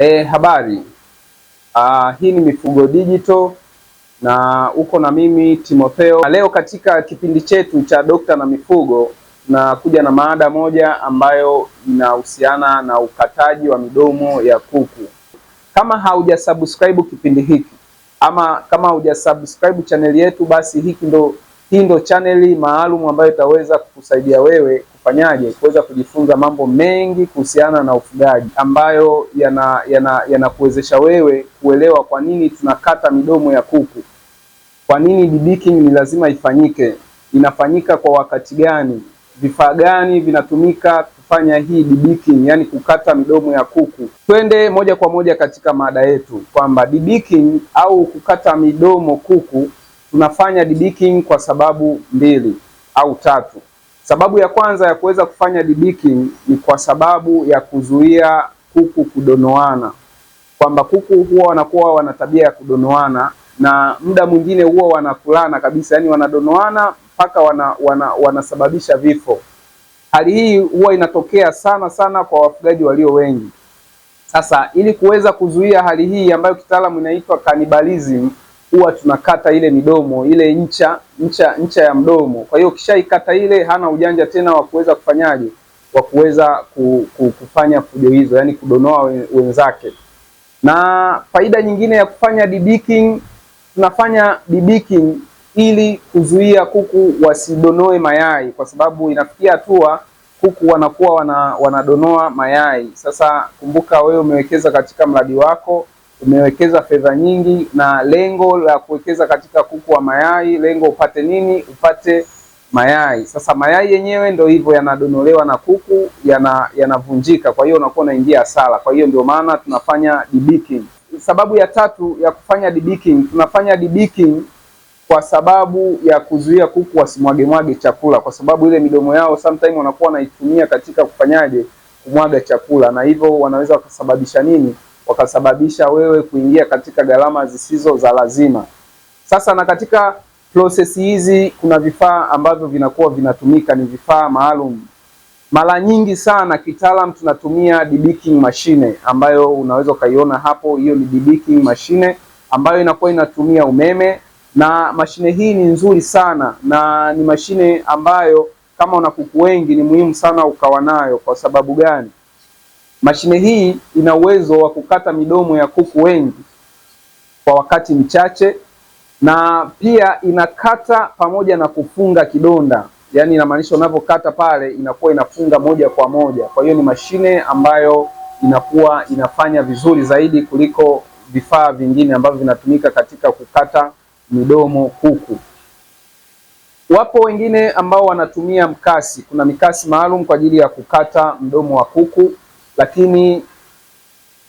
E, habari. Aa, ah, hii ni Mifugo Digital na uko na mimi Timotheo. leo katika kipindi chetu cha Dokta na Mifugo na kuja na maada moja ambayo inahusiana na ukataji wa midomo ya kuku. Kama haujasubscribe kipindi hiki ama kama hujasubscribe chaneli yetu, basi hiki ndo hii ndo chaneli maalum ambayo itaweza kukusaidia wewe fanyaje kuweza kujifunza mambo mengi kuhusiana na ufugaji ambayo yanakuwezesha yana, yana wewe kuelewa kwa nini tunakata midomo ya kuku, kwa nini debeaking ni lazima ifanyike, inafanyika kwa wakati gani, vifaa gani vinatumika kufanya hii debeaking, yani kukata midomo ya kuku. Twende moja kwa moja katika mada yetu kwamba debeaking au kukata midomo kuku, tunafanya debeaking kwa sababu mbili au tatu. Sababu ya kwanza ya kuweza kufanya debeaking ni kwa sababu ya kuzuia kuku kudonoana, kwamba kuku huwa wanakuwa wana tabia ya kudonoana na muda mwingine huwa wanakulana kabisa, yani wanadonoana mpaka wana, wana, wanasababisha vifo. Hali hii huwa inatokea sana sana kwa wafugaji walio wengi. Sasa ili kuweza kuzuia hali hii ambayo kitaalamu inaitwa cannibalism, huwa tunakata ile midomo ile ncha ncha ncha ya mdomo. Kwa hiyo ukishaikata ile, hana ujanja tena wa kuweza kufanyaje, wa kuweza kufanya fujo hizo, yani kudonoa wenzake. Na faida nyingine ya kufanya debicking, tunafanya debicking ili kuzuia kuku wasidonoe mayai, kwa sababu inafikia hatua kuku wanakuwa wana, wanadonoa mayai. Sasa kumbuka, wewe umewekeza katika mradi wako umewekeza fedha nyingi, na lengo la kuwekeza katika kuku wa mayai, lengo upate nini? Upate mayai. Sasa mayai yenyewe ndo hivyo yanadonolewa na kuku yanavunjika, yana kwa hiyo unakuwa unaingia hasara. Kwa hiyo ndio maana tunafanya debeaking. Sababu ya tatu ya kufanya debeaking, tunafanya debeaking kwa sababu ya kuzuia kuku wasimwagemwage chakula, kwa sababu ile midomo yao sometime wanakuwa wanaitumia katika kufanyaje, kumwaga chakula, na hivyo wanaweza wakasababisha nini wakasababisha wewe kuingia katika gharama zisizo za lazima. Sasa na katika prosesi hizi kuna vifaa ambavyo vinakuwa vinatumika, ni vifaa maalum. Mara nyingi sana kitaalam tunatumia debagging mashine ambayo unaweza ukaiona hapo. Hiyo ni debagging mashine ambayo inakuwa inatumia umeme, na mashine hii ni nzuri sana na ni mashine ambayo kama una kuku wengi ni muhimu sana ukawa nayo. Kwa sababu gani? Mashine hii ina uwezo wa kukata midomo ya kuku wengi kwa wakati mchache, na pia inakata pamoja na kufunga kidonda, yaani inamaanisha unapokata pale inakuwa inafunga moja kwa moja. Kwa hiyo ni mashine ambayo inakuwa inafanya vizuri zaidi kuliko vifaa vingine ambavyo vinatumika katika kukata midomo kuku. Wapo wengine ambao wanatumia mkasi. Kuna mikasi maalum kwa ajili ya kukata mdomo wa kuku lakini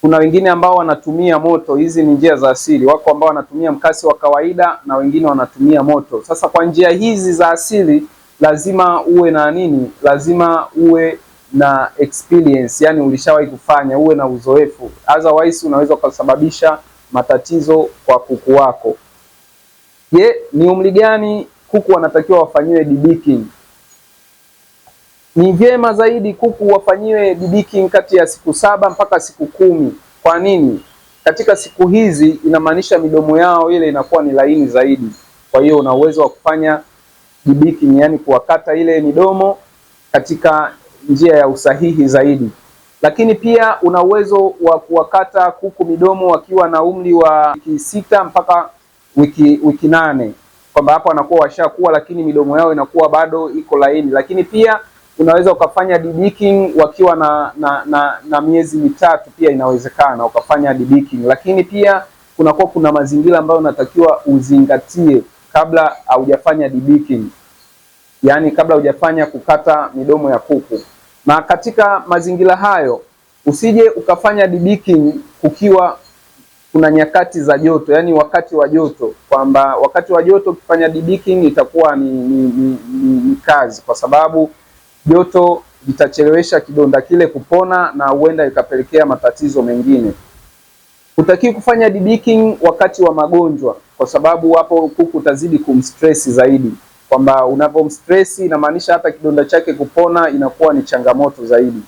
kuna wengine ambao wanatumia moto. Hizi ni njia za asili, wako ambao wanatumia mkasi wa kawaida na wengine wanatumia moto. Sasa kwa njia hizi za asili lazima uwe na nini? Lazima uwe na experience, yani ulishawahi kufanya, uwe na uzoefu, otherwise unaweza ukasababisha matatizo kwa kuku wako. Je, ni umri gani kuku wanatakiwa wafanyiwe debeaking? Ni vyema zaidi kuku wafanyiwe didiking kati ya siku saba mpaka siku kumi. Kwa nini? Katika siku hizi inamaanisha midomo yao ile inakuwa ni laini zaidi, kwa hiyo una uwezo wa kufanya didiking, yani kuwakata ile midomo katika njia ya usahihi zaidi. Lakini pia una uwezo wa kuwakata kuku midomo wakiwa na umri wa wiki sita mpaka wiki wiki nane, kwamba hapo wanakuwa washakuwa, lakini midomo yao inakuwa bado iko laini, lakini pia unaweza ukafanya debeaking wakiwa na, na, na, na miezi mitatu pia inawezekana ukafanya debeaking, lakini pia kunakuwa kuna mazingira ambayo unatakiwa uzingatie kabla haujafanya debeaking, yaani kabla hujafanya kukata midomo ya kuku. Na katika mazingira hayo usije ukafanya debeaking kukiwa kuna nyakati za joto, yaani wakati wa joto, kwamba wakati wa joto ukifanya debeaking itakuwa ni, ni, ni, ni, ni kazi kwa sababu joto litachelewesha kidonda kile kupona na huenda ikapelekea matatizo mengine. Hutakiwi kufanya debeaking wakati wa magonjwa, kwa sababu hapo kuku utazidi kumstress zaidi, kwamba unapomstress inamaanisha hata kidonda chake kupona inakuwa ni changamoto zaidi.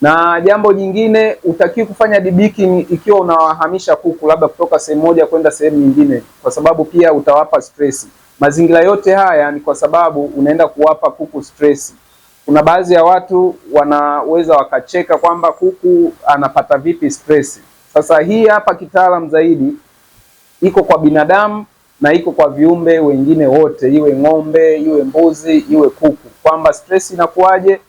Na jambo jingine, hutakiwi kufanya debeaking ikiwa unawahamisha kuku labda kutoka sehemu moja kwenda sehemu nyingine, kwa sababu pia utawapa stress. Mazingira yote haya ni kwa sababu unaenda kuwapa kuku stress. Kuna baadhi ya watu wanaweza wakacheka kwamba kuku anapata vipi stress. Sasa hii hapa kitaalam zaidi iko kwa binadamu na iko kwa viumbe wengine wote, iwe ng'ombe, iwe mbuzi, iwe kuku, kwamba stress inakuwaje.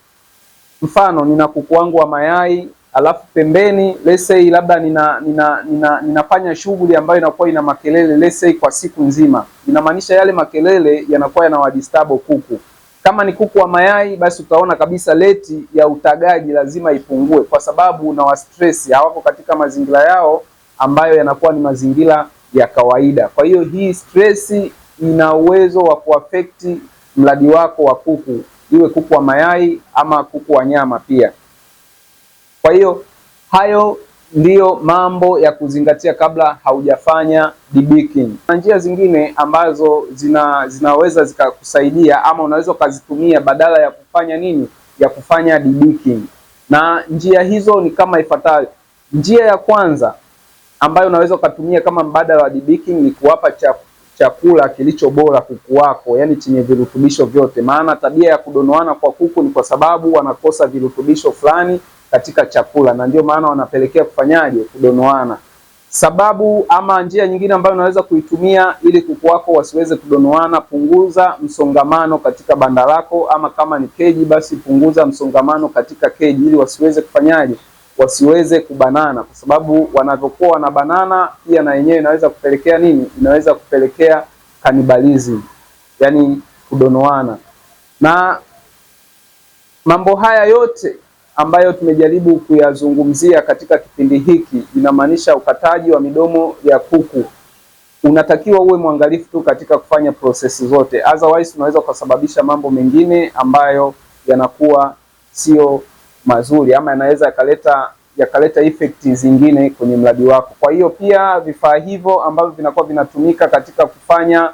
Mfano, nina kuku wangu wa mayai alafu pembeni let's say labda nina nina nina ninafanya shughuli ambayo inakuwa ina makelele let's say kwa siku nzima, inamaanisha yale makelele yanakuwa yanawadisturb kuku. Kama ni kuku wa mayai, basi utaona kabisa leti ya utagaji lazima ipungue, kwa sababu na wastresi hawako katika mazingira yao ambayo yanakuwa ni mazingira ya kawaida. Kwa hiyo hii stress ina uwezo wa kuafekti mradi wako wa kuku, iwe kuku wa mayai ama kuku wa nyama pia. Kwa hiyo hayo ndiyo mambo ya kuzingatia kabla haujafanya debagging. Na njia zingine ambazo zina, zinaweza zikakusaidia ama unaweza ukazitumia badala ya kufanya nini, ya kufanya debagging. Na njia hizo ni kama ifuatavyo. Njia ya kwanza ambayo unaweza ukatumia kama mbadala wa debagging ni kuwapa chakula kilicho bora kuku wako, yani chenye virutubisho vyote, maana tabia ya kudonoana kwa kuku ni kwa sababu wanakosa virutubisho fulani katika chakula, na ndio maana wanapelekea kufanyaje, kudonoana. Sababu ama njia nyingine ambayo unaweza kuitumia ili kuku wako wasiweze kudonoana, punguza msongamano katika banda lako, ama kama ni keji, basi punguza msongamano katika keji ili wasiweze kufanyaje, wasiweze kubanana, kwa sababu wanavyokuwa wanabanana pia na yenyewe inaweza kupelekea nini, inaweza kupelekea kanibalism, yani kudonoana. Na mambo haya yote ambayo tumejaribu kuyazungumzia katika kipindi hiki inamaanisha ukataji wa midomo ya kuku. Unatakiwa uwe mwangalifu tu katika kufanya prosesi zote, otherwise unaweza ukasababisha mambo mengine ambayo yanakuwa sio mazuri ama yanaweza yakaleta yakaleta effect zingine kwenye mradi wako. Kwa hiyo pia vifaa hivyo ambavyo vinakuwa vinatumika katika kufanya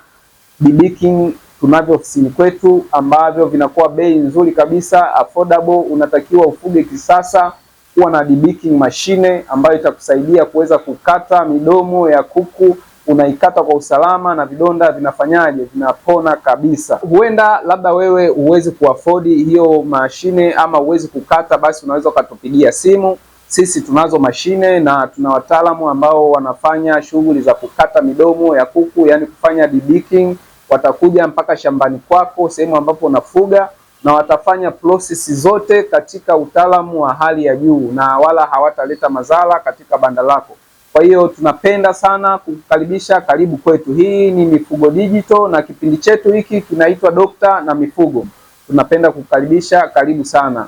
debeaking tunavyo ofisini kwetu ambavyo vinakuwa bei nzuri kabisa affordable. Unatakiwa ufuge kisasa, kuwa na debinking mashine ambayo itakusaidia kuweza kukata midomo ya kuku unaikata kwa usalama na vidonda vinafanyaje, vinapona kabisa. Huenda labda wewe huwezi kuafodi hiyo mashine ama huwezi kukata, basi unaweza ukatupigia simu. Sisi tunazo mashine na tuna wataalamu ambao wanafanya shughuli za kukata midomo ya kuku, yani kufanya debinking watakuja mpaka shambani kwako, sehemu ambapo unafuga, na watafanya prosesi zote katika utaalamu wa hali ya juu, na wala hawataleta madhara katika banda lako. Kwa hiyo tunapenda sana kukukaribisha, karibu kwetu. Hii ni Mifugo Digital na kipindi chetu hiki kinaitwa Dokta na Mifugo. Tunapenda kukukaribisha, karibu sana.